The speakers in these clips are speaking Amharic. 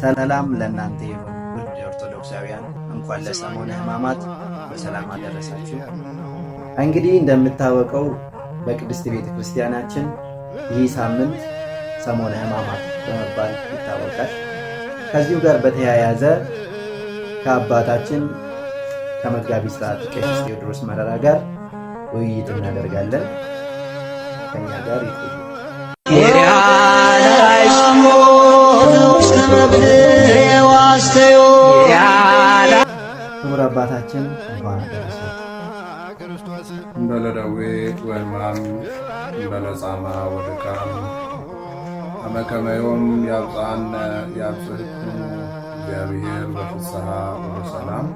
ሰላም ለእናንተ ይሁን። ውድ ኦርቶዶክሳውያን እንኳን ለሰሞነ ሕማማት በሰላም አደረሳችሁ። እንግዲህ እንደምታወቀው በቅድስት ቤተ ክርስቲያናችን ይህ ሳምንት ሰሞነ ሕማማት በመባል ይታወቃል። ከዚሁ ጋር በተያያዘ ከአባታችን ከመጋቢ ስርዓት ቀሲስ ቴዎድሮስ መረራ ጋር ውይይት እናደርጋለን። ከኛ ጋር ይቆዩ። ክቡር አባታችን እንኳን እምበለደዌ ወሕማም እምበለጻማ ወድካም አመከመዮም ያብጽሐነ ያብጽሕኩ እግዚአብሔር በፍስሐ ወሰላም።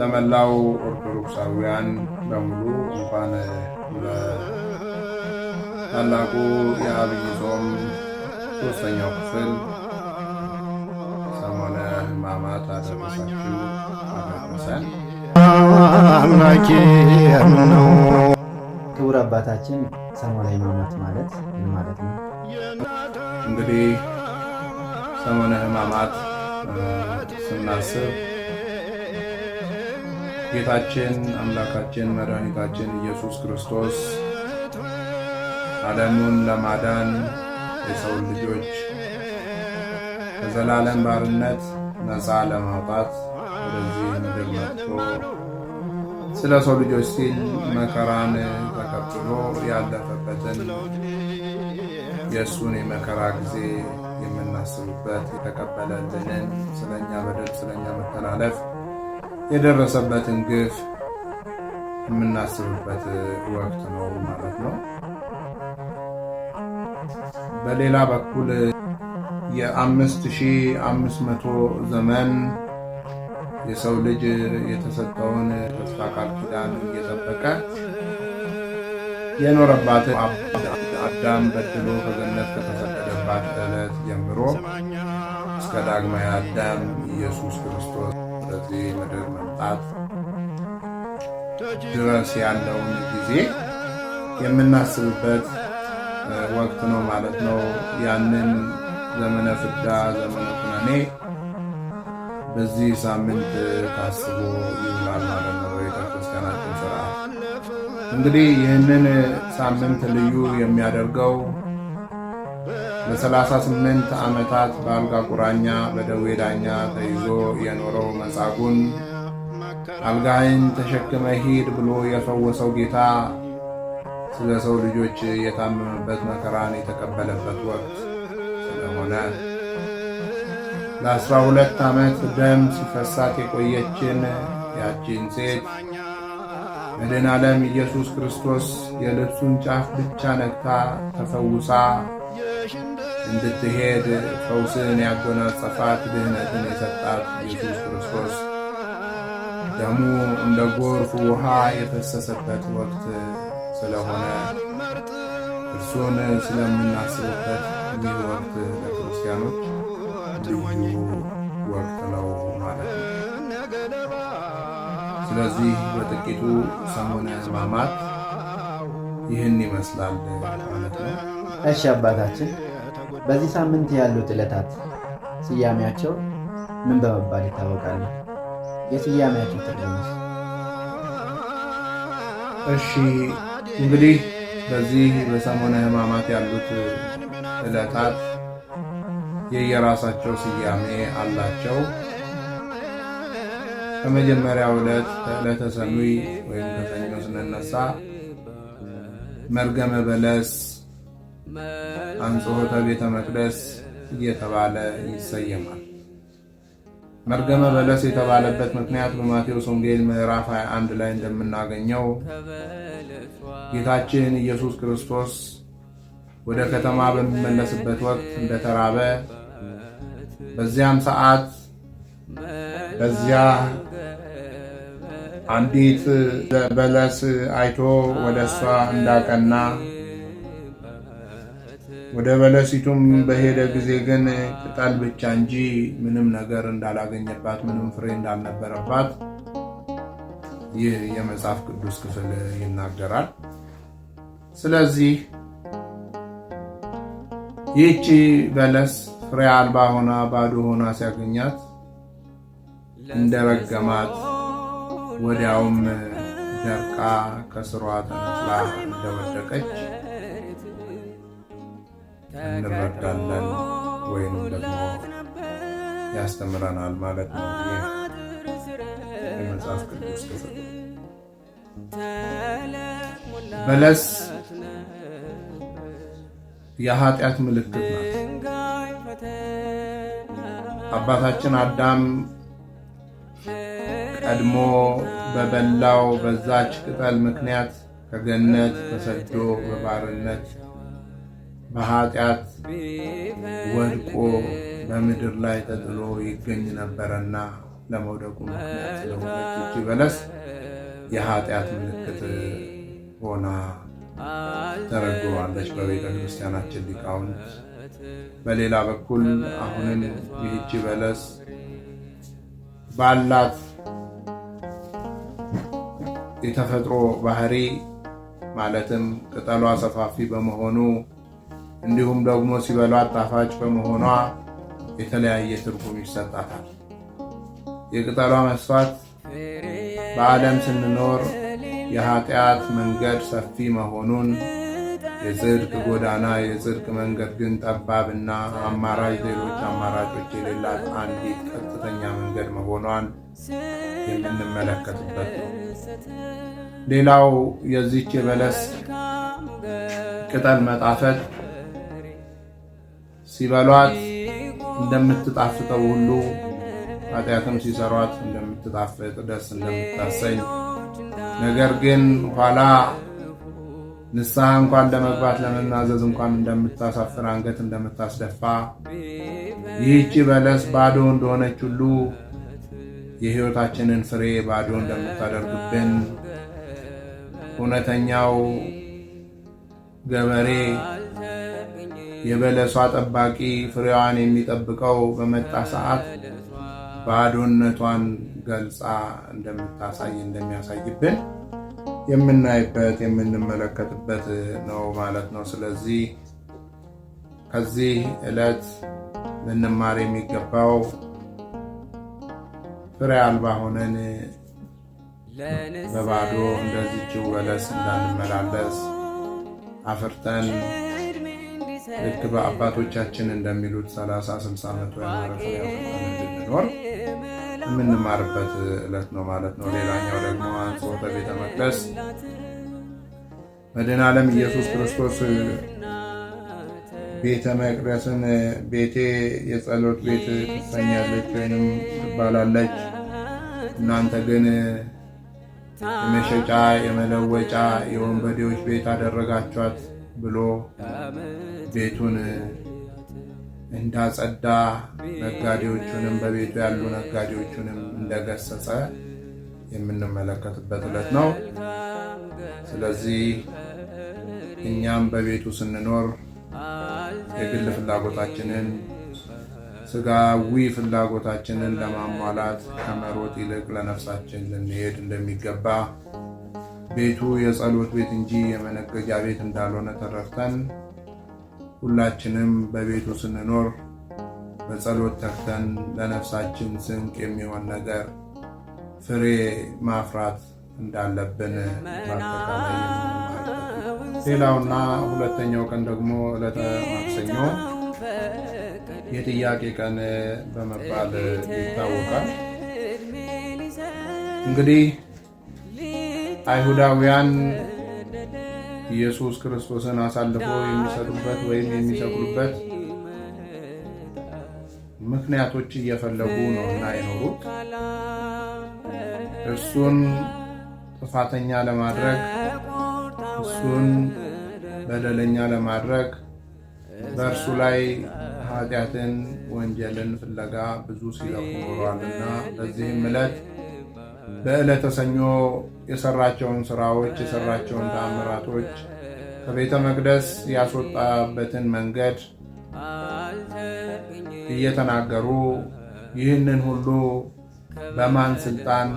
ለመላው ኦርቶዶክሳውያን በሙሉ እንኳን ለታላቁ የአብይ ጾም ሶስተኛው ክፍል ሰሞነ ሕማማት አደረሳችሁ አደረሰን። አምላኬ ነው። ክቡር አባታችን ሰሞነ ሕማማት ማለት ምን ማለት ነው? እንግዲህ ሰሞነ ሕማማት ስናስብ ጌታችን አምላካችን መድኃኒታችን ኢየሱስ ክርስቶስ ዓለሙን ለማዳን የሰው ልጆች ከዘላለም ባርነት ነፃ ለማውጣት ወደዚህ ምድር መጥቶ ስለ ሰው ልጆች ሲል መከራን ተቀብሎ ያለፈበትን የእሱን የመከራ ጊዜ የምናስብበት የተቀበለልንን ስለኛ በደል ስለኛ መተላለፍ የደረሰበትን ግፍ የምናስብበት ወቅት ነው ማለት ነው። በሌላ በኩል የአምስት ሺህ አምስት መቶ ዘመን የሰው ልጅ የተሰጠውን ተስፋ ቃል ኪዳን እየጠበቀ የኖረባት አዳም በድሎ ከገነት ከተሰደደባት ዕለት ጀምሮ እስከ ዳግማዊ አዳም ኢየሱስ ክርስቶስ በዚህ ምድር መምጣት ድረስ ያለውን ጊዜ የምናስብበት ወቅት ነው ማለት ነው። ያንን ዘመነ ፍዳ ዘመነ ኩነኔ በዚህ ሳምንት ታስቦ ይውላል ማለት ነው። ቤተክርስቲያናችን ስራ እንግዲህ ይህንን ሳምንት ልዩ የሚያደርገው ለሰላሳ 38 ዓመታት በአልጋ ቁራኛ በደዌ ዳኛ ተይዞ የኖረው መጻጉን አልጋህን ተሸክመ ሂድ ብሎ የፈወሰው ጌታ ስለ ሰው ልጆች የታመመበት መከራን የተቀበለበት ወቅት ስለሆነ ለአስራ ሁለት ዓመት ደም ሲፈሳት የቆየችን ያቺን ሴት መድኃኔ ዓለም ኢየሱስ ክርስቶስ የልብሱን ጫፍ ብቻ ነግታ ተፈውሳ እንድትሄድ ፈውስን ያጎናጸፋት ድህነትን የሰጣት ኢየሱስ ክርስቶስ ደሙ እንደ ጎርፍ ውሃ የፈሰሰበት ወቅት ስለሆነ እርሱን ስለምናስብበት ይህ ወቅት ለክርስቲያኖች ልዩ ወቅት ነው ማለት ነው። ስለዚህ በጥቂቱ ሰሙነ ሕማማት ይህን ይመስላል ማለት ነው። እሺ አባታችን፣ በዚህ ሳምንት ያሉት ዕለታት ስያሜያቸው ምን በመባል ይታወቃሉ? የስያሜያቸው ትርጉም እሺ እንግዲህ በዚህ በሰሞነ ሕማማት ያሉት ዕለታት የየራሳቸው ስያሜ አላቸው። ከመጀመሪያው ዕለት ከዕለተ ሰኑይ ወይም ከሰኞ ስንነሳ መርገመ በለስ አንጽሖተ ቤተ መቅደስ እየተባለ ይሰየማል። መርገመ በለስ የተባለበት ምክንያት በማቴዎስ ወንጌል ምዕራፍ 21 ላይ እንደምናገኘው ጌታችን ኢየሱስ ክርስቶስ ወደ ከተማ በሚመለስበት ወቅት እንደተራበ በዚያም ሰዓት በዚያ አንዲት በለስ አይቶ ወደ እሷ እንዳቀና ወደ በለሲቱም በሄደ ጊዜ ግን ቅጠል ብቻ እንጂ ምንም ነገር እንዳላገኘባት፣ ምንም ፍሬ እንዳልነበረባት ይህ የመጽሐፍ ቅዱስ ክፍል ይናገራል። ስለዚህ ይህቺ በለስ ፍሬ አልባ ሆና ባዶ ሆና ሲያገኛት እንደረገማት ወዲያውም ደርቃ ከስሯ ተነጥላ እንደወደቀች እንረዳለን ወይም ደግሞ ያስተምረናል ማለት ነው። የመጽሐፍ ቅዱስ ክፍል በለስ የኃጢአት ምልክት ናት። አባታችን አዳም ቀድሞ በበላው በዛች ቅጠል ምክንያት ከገነት ተሰዶ በባርነት በኃጢአት ወድቆ በምድር ላይ ተጥሎ ይገኝ ነበረና ለመውደቁ ምክንያት ስለሆነች በለስ የኃጢአት ምልክት ሆና ተረግባለች በቤተ ክርስቲያናችን ሊቃውንት። በሌላ በኩል አሁንም ይህቺ በለስ ባላት የተፈጥሮ ባህሪ ማለትም ቅጠሏ ሰፋፊ በመሆኑ እንዲሁም ደግሞ ሲበሏት ጣፋጭ በመሆኗ የተለያየ ትርጉም ይሰጣታል። የቅጠሏ መስፋት በዓለም ስንኖር የኃጢአት መንገድ ሰፊ መሆኑን የጽድቅ ጎዳና የጽድቅ መንገድ ግን ጠባብና አማራጭ ሌሎች አማራጮች የሌላት አንዲት ቀጥተኛ መንገድ መሆኗን የምንመለከትበት ነው። ሌላው የዚች የበለስ ቅጠል መጣፈጥ ሲበሏት እንደምትጣፍጠው ሁሉ ኃጢአትም ሲሰሯት እንደምትጣፍጥ ደስ እንደምታሰኝ ነገር ግን ኋላ ንስሐ እንኳን ለመግባት ለመናዘዝ እንኳን እንደምታሳፍር አንገት እንደምታስደፋ ይህቺ በለስ ባዶ እንደሆነች ሁሉ የሕይወታችንን ፍሬ ባዶ እንደምታደርግብን እውነተኛው ገበሬ የበለሷ ጠባቂ ፍሬዋን የሚጠብቀው በመጣ ሰዓት ባዶነቷን ገልጻ እንደምታሳይ እንደሚያሳይብን የምናይበት የምንመለከትበት ነው ማለት ነው። ስለዚህ ከዚህ ዕለት ልንማር የሚገባው ፍሬ አልባ ሆነን በባዶ እንደዚችው በለስ እንዳንመላለስ አፍርተን ልክ በአባቶቻችን እንደሚሉት 30 60 ዓመት እንድንኖር የምንማርበት ዕለት ነው ማለት ነው። ሌላኛው ደግሞ አንጽሖተ ቤተ መቅደስ መድኃኔ ዓለም ኢየሱስ ክርስቶስ ቤተ መቅደስን ቤቴ የጸሎት ቤት ትሰኛለች ወይም ትባላለች፣ እናንተ ግን የመሸጫ የመለወጫ የወንበዴዎች ቤት አደረጋችኋት ብሎ ቤቱን እንዳጸዳ ነጋዴዎቹንም በቤቱ ያሉ ነጋዴዎቹንም እንደገሰጸ የምንመለከትበት ዕለት ነው። ስለዚህ እኛም በቤቱ ስንኖር የግል ፍላጎታችንን ስጋዊ ፍላጎታችንን ለማሟላት ከመሮጥ ይልቅ ለነፍሳችን ልንሄድ እንደሚገባ ቤቱ የጸሎት ቤት እንጂ የመነገጃ ቤት እንዳልሆነ ተረድተን ሁላችንም በቤቱ ስንኖር በጸሎት ተክተን ለነፍሳችን ስንቅ የሚሆን ነገር ፍሬ ማፍራት እንዳለብን ሌላውና ሁለተኛው ቀን ደግሞ ዕለተ ማክሰኞ የጥያቄ ቀን በመባል ይታወቃል። እንግዲህ አይሁዳውያን ኢየሱስ ክርስቶስን አሳልፎ የሚሰጡበት ወይም የሚሰቅሉበት ምክንያቶች እየፈለጉ ነውና የኖሩት እርሱን ጥፋተኛ ለማድረግ እሱን በደለኛ ለማድረግ በእርሱ ላይ ኃጢአትን፣ ወንጀልን ፍለጋ ብዙ ሲለፉ ኖሯልና በዚህም ዕለት በዕለተ ሰኞ የሰራቸውን ስራዎች፣ የሰራቸውን ተአምራቶች፣ ከቤተ መቅደስ ያስወጣበትን መንገድ እየተናገሩ ይህንን ሁሉ በማን ስልጣን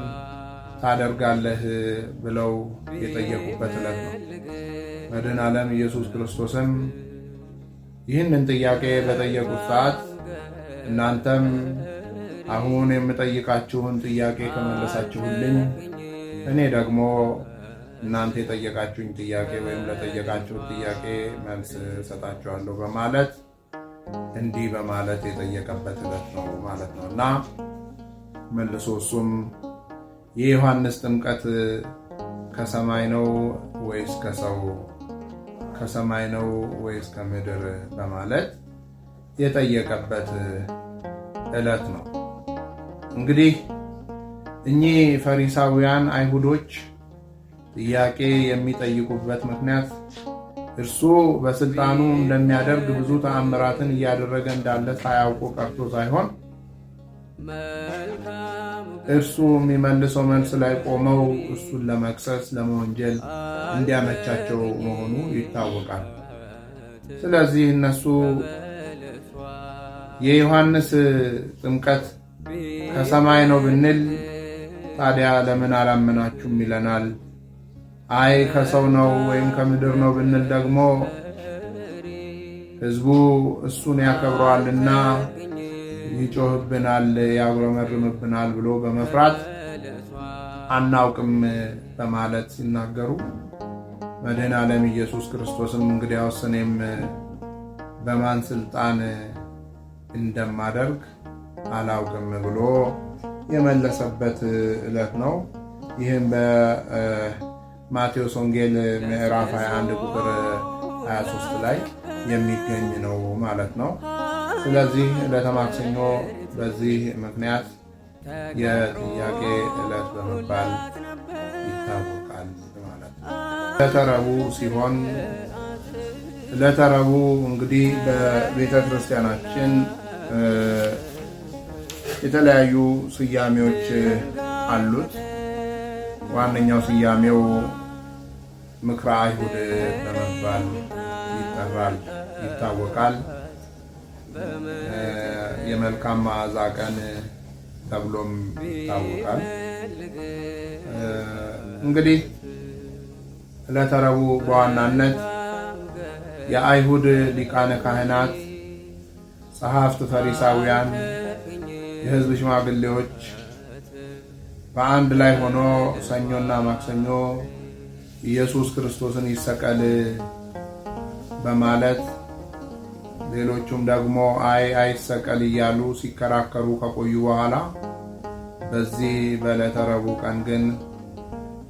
ታደርጋለህ ብለው የጠየቁበት ዕለት ነው። መድኃኔ ዓለም ኢየሱስ ክርስቶስም ይህንን ጥያቄ በጠየቁት ሰዓት እናንተም አሁን የምጠይቃችሁን ጥያቄ ከመለሳችሁልኝ እኔ ደግሞ እናንተ የጠየቃችሁኝ ጥያቄ ወይም ለጠየቃችሁ ጥያቄ መልስ እሰጣችኋለሁ በማለት እንዲህ በማለት የጠየቀበት ዕለት ነው ማለት ነው እና መልሶ እሱም የዮሐንስ ጥምቀት ከሰማይ ነው ወይስ ከሰው ከሰማይ ነው ወይስ ከምድር በማለት የጠየቀበት ዕለት ነው እንግዲህ እኚህ ፈሪሳውያን አይሁዶች ጥያቄ የሚጠይቁበት ምክንያት እርሱ በስልጣኑ እንደሚያደርግ ብዙ ተአምራትን እያደረገ እንዳለ ሳያውቁ ቀርቶ ሳይሆን እርሱ የሚመልሰው መልስ ላይ ቆመው እሱን ለመክሰስ ለመወንጀል እንዲያመቻቸው መሆኑ ይታወቃል። ስለዚህ እነሱ የዮሐንስ ጥምቀት ከሰማይ ነው ብንል ታዲያ ለምን አላመናችሁም ይለናል። አይ ከሰው ነው ወይም ከምድር ነው ብንል ደግሞ ሕዝቡ እሱን ያከብረዋልና ይጮህብናል፣ ያጉረመርምብናል ብሎ በመፍራት አናውቅም በማለት ሲናገሩ መድህን ዓለም ኢየሱስ ክርስቶስም እንግዲያውስ እኔም በማን ስልጣን እንደማደርግ አላውቅም ብሎ የመለሰበት ዕለት ነው። ይህም በማቴዎስ ወንጌል ምዕራፍ 21 ቁጥር 23 ላይ የሚገኝ ነው ማለት ነው። ስለዚህ ዕለተ ማክሰኞ በዚህ ምክንያት የጥያቄ ዕለት በመባል ይታወቃል ማለት ነው። ዕለተ ረቡዕ ሲሆን ዕለተ ረቡዕ እንግዲህ በቤተ ክርስቲያናችን የተለያዩ ስያሜዎች አሉት። ዋነኛው ስያሜው ምክረ አይሁድ በመባል ይጠራል፣ ይታወቃል። የመልካም መዓዛ ቀን ተብሎም ይታወቃል። እንግዲህ ዕለተ ረቡዕ በዋናነት የአይሁድ ሊቃነ ካህናት፣ ጸሐፍት፣ ፈሪሳውያን የህዝብ ሽማግሌዎች በአንድ ላይ ሆኖ ሰኞና ማክሰኞ ኢየሱስ ክርስቶስን ይሰቀል በማለት ሌሎቹም ደግሞ አይ አይሰቀል እያሉ ሲከራከሩ ከቆዩ በኋላ በዚህ በዕለተ ረቡዕ ቀን ግን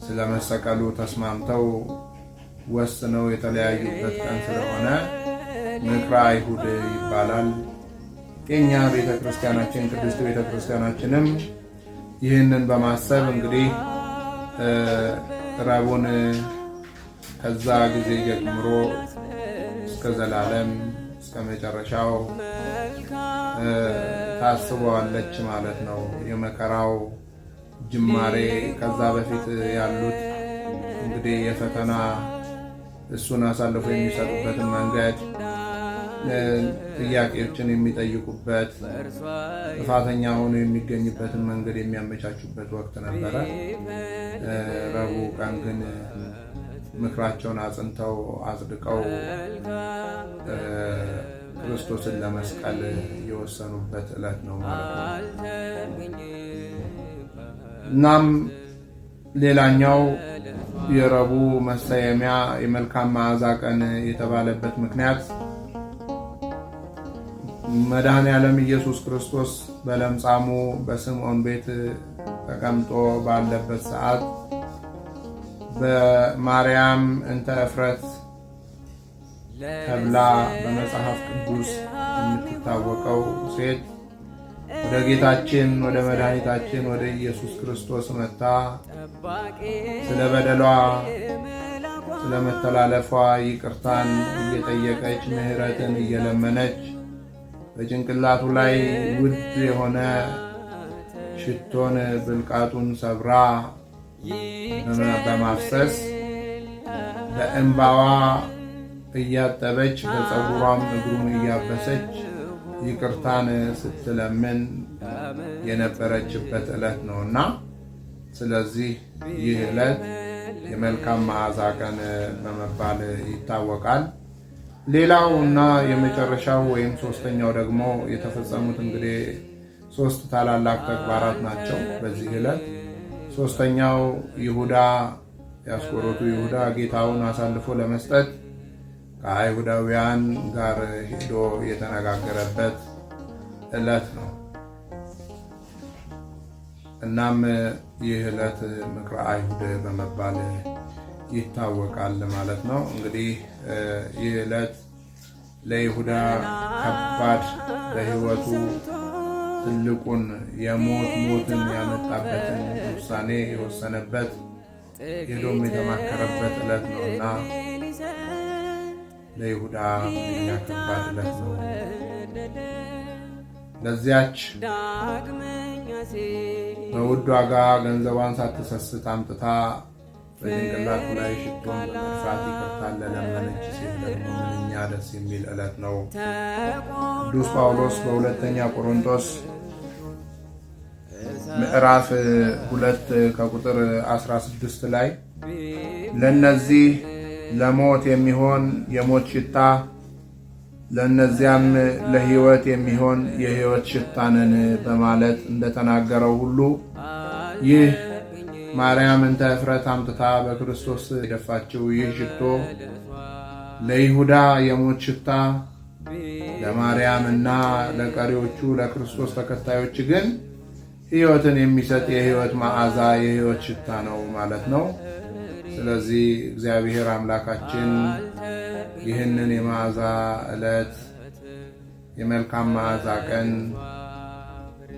ስለመሰቀሉ ተስማምተው ወስነው የተለያዩበት ቀን ስለሆነ ምክረ አይሁድ ይባላል። የእኛ ቤተ ክርስቲያናችን ቅድስት ቤተ ክርስቲያናችንም ይህንን በማሰብ እንግዲህ ረቡን ከዛ ጊዜ ጀምሮ እስከ ዘላለም እስከ መጨረሻው ታስበዋለች ማለት ነው። የመከራው ጅማሬ ከዛ በፊት ያሉት እንግዲህ የፈተና እሱን አሳልፎ የሚሰጡበትን መንገድ ጥያቄዎችን የሚጠይቁበት ጥፋተኛ ሆኖ የሚገኝበትን መንገድ የሚያመቻቹበት ወቅት ነበረ። ረቡዕ ቀን ግን ምክራቸውን አጽንተው አጽድቀው ክርስቶስን ለመስቀል የወሰኑበት ዕለት ነው ማለት ነው። እናም ሌላኛው የረቡዕ መሰየሚያ የመልካም መዓዛ ቀን የተባለበት ምክንያት መድኃኔ ዓለም ኢየሱስ ክርስቶስ በለምጻሙ በስምዖን ቤት ተቀምጦ ባለበት ሰዓት በማርያም እንተ እፍረት ተብላ በመጽሐፍ ቅዱስ የምትታወቀው ሴት ወደ ጌታችን ወደ መድኃኒታችን ወደ ኢየሱስ ክርስቶስ መታ ስለ በደሏ ስለ መተላለፏ ይቅርታን እየጠየቀች ምሕረትን እየለመነች በጭንቅላቱ ላይ ውድ የሆነ ሽቶን ብልቃጡን ሰብራ በማፍሰስ በእንባዋ እያጠበች በፀጉሯም እግሩን እያበሰች ይቅርታን ስትለምን የነበረችበት ዕለት ነውና ስለዚህ ይህ ዕለት የመልካም መዓዛ ቀን በመባል ይታወቃል። ሌላው እና የመጨረሻው ወይም ሶስተኛው ደግሞ የተፈጸሙት እንግዲህ ሶስት ታላላቅ ተግባራት ናቸው በዚህ ዕለት። ሶስተኛው ይሁዳ ያስቆሮቱ ይሁዳ ጌታውን አሳልፎ ለመስጠት ከአይሁዳውያን ጋር ሄዶ የተነጋገረበት ዕለት ነው። እናም ይህ ዕለት ምክረ አይሁድ በመባል ይታወቃል ማለት ነው። እንግዲህ ይህ ዕለት ለይሁዳ ከባድ በህይወቱ ትልቁን የሞት ሞትን ያመጣበትን ውሳኔ የወሰነበት ሄዶም የተማከረበት ዕለት ነው እና ለይሁዳ ከባድ ዕለት ነው። ለዚያች በውድ ዋጋ ገንዘቧን ሳትሰስት አምጥታ በጭንቅላቱ ላይ ሽቱን በመርፋት ይቅርታን ለለመነች ሴት ደግሞ ምንኛ ደስ የሚል ዕለት ነው። ቅዱስ ጳውሎስ በሁለተኛ ቆሮንቶስ ምዕራፍ ሁለት ከቁጥር 16 ላይ ለነዚህ ለሞት የሚሆን የሞት ሽታ ለእነዚያም ለሕይወት የሚሆን የሕይወት ሽታ ነን በማለት እንደተናገረው ሁሉ ይህ ማርያም እንተ እፍረት አምጥታ በክርስቶስ የደፋችው ይህ ሽቶ ለይሁዳ የሞት ሽታ፣ ለማርያም እና ለቀሪዎቹ ለክርስቶስ ተከታዮች ግን ሕይወትን የሚሰጥ የሕይወት መዓዛ የሕይወት ሽታ ነው ማለት ነው። ስለዚህ እግዚአብሔር አምላካችን ይህንን የመዓዛ ዕለት የመልካም መዓዛ ቀን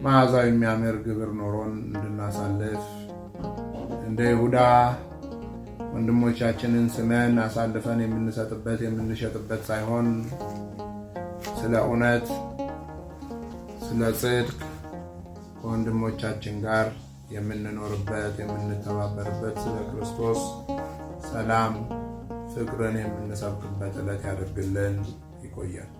መዓዛው የሚያምር ግብር ኖሮን እንድናሳልፍ እንደ ይሁዳ ወንድሞቻችንን ስመን አሳልፈን የምንሰጥበት የምንሸጥበት ሳይሆን ስለ እውነት፣ ስለ ጽድቅ ከወንድሞቻችን ጋር የምንኖርበት የምንተባበርበት ስለ ክርስቶስ ሰላም ፍቅርን የምንሰብክበት ዕለት ያደርግልን። ይቆያል።